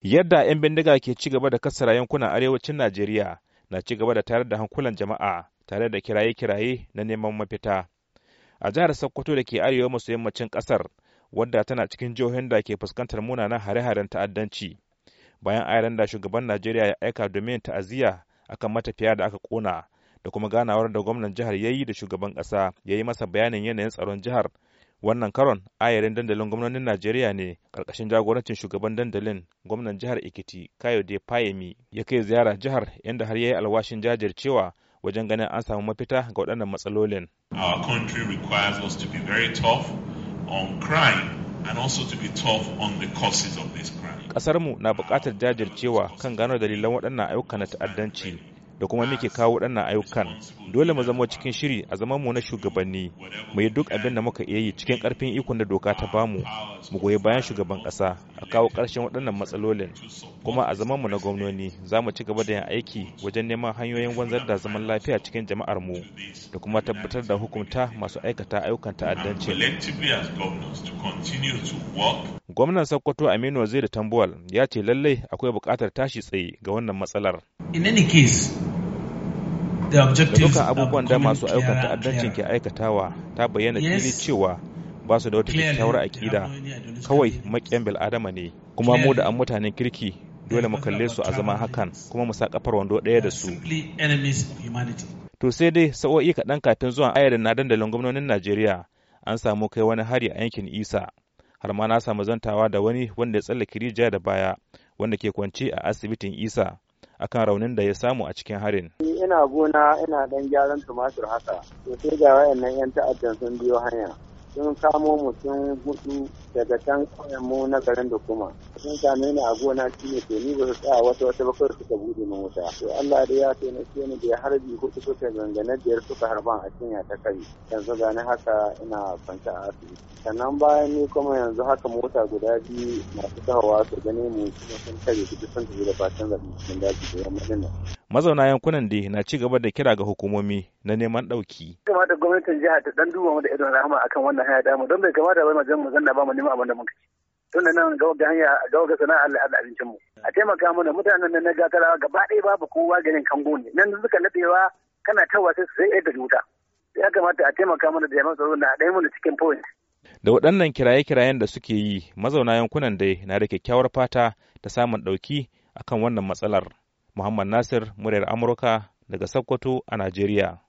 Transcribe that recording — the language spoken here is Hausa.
Yadda 'yan bindiga ke ci gaba da kasara yankunan arewacin Najeriya na ci gaba da tayar da hankulan jama'a tare da kiraye-kiraye na neman mafita. A jihar Sokoto da ke arewa maso yammacin ƙasar, wadda tana cikin jihohin da ke fuskantar munanan hare-haren ta'addanci. Bayan ayaran da shugaban Najeriya ya aika domin ta'aziyya akan matafiya da aka kona da kuma ganawar da gwamnan jihar ya yi da shugaban ƙasa ya yi masa bayanin yanayin tsaron jihar wannan karon ayarin dandalin gwamnonin najeriya ne karkashin jagorancin shugaban dandalin gwamnan jihar ikiti kayode fayemi ya kai ziyara jihar yadda har ya yi alwashin jajircewa wajen ganin an samu mafita ga waɗannan matsalolin our country requires us to be very tough crime and also to be tough on the causes of this na buƙatar jajircewa kan gano dalilan waɗannan ayyuka na ta'addanci da kuma muke kawo waɗannan ayyukan dole mu zama cikin shiri a zaman mu na shugabanni mu yi duk abin da muka iya yi cikin ƙarfin ikon da doka ta bamu mu goyi bayan shugaban ƙasa a kawo ƙarshen waɗannan matsalolin kuma a zaman mu na gwamnoni za mu ci gaba da yin aiki wajen neman hanyoyin wanzar da zaman lafiya cikin jama'ar mu da kuma tabbatar da hukunta masu aikata ayyukan ta'addanci gwamnan sokoto aminu waziri tambuwal ya ce lallai akwai buƙatar tashi tsaye ga wannan matsalar in any case da dukkan abubuwan da masu ayyukan ta'addancin ke aikatawa ta bayyana fili cewa ba su da wata kyakkyawar akida kawai makiyan bil'adama ne kuma mu da an mutanen kirki dole mu kalle su a zama hakan kuma mu sa kafar wando ɗaya da su to sai dai sa'o'i kaɗan kafin zuwan ayarin na dandalin gwamnonin najeriya an samu kai wani hari a yankin isa har ma na samu zantawa da wani wanda ya tsallake rijiya da baya wanda ke kwance a asibitin isa akan raunin da ya samu a cikin harin. ina gona ina dan gyaran tumatur haka to sai ga wayannan yan ta'addan sun biyo hanya sun kamo mutum hudu daga can kauyen mu na garin da kuma sun same ni a gona shi ne to ni ba su tsaya wata wata ba kawai suka buɗe min wuta to Allah dai ya taimake ni da ya harbi hudu suka gangane biyar suka harban a cinya ta kai yanzu ga ni haka ina kwance a asibiti sannan bayan ni kuma yanzu haka mota guda biyu masu tahowa su gane mu sun kare su sun tafi da fatan zaɓi cikin daji da yamma nan. mazauna yankunan dai na ci gaba da kira ga hukumomi na neman ɗauki. kamata gwamnatin jiha ta ɗan duba mu da irin rahama akan wannan haya damu don bai kamata ba mu zanna ba mu neman abin da muka ci tun da nan ga hanya ga ga sana'a abincin mu a taimaka mana mutanen nan na gatarawa gaba ɗaya babu kowa ganin kango ne nan suka nadewa kana wasu sai sai yadda wuta ya kamata a taimaka mana da jami'an tsaro na ɗaya mana cikin point da waɗannan kiraye-kirayen da suke yi mazauna yankunan dai na da kyakkyawar fata ta samun ɗauki akan wannan matsalar muhammad nasir muryar amurka daga sokoto a najeriya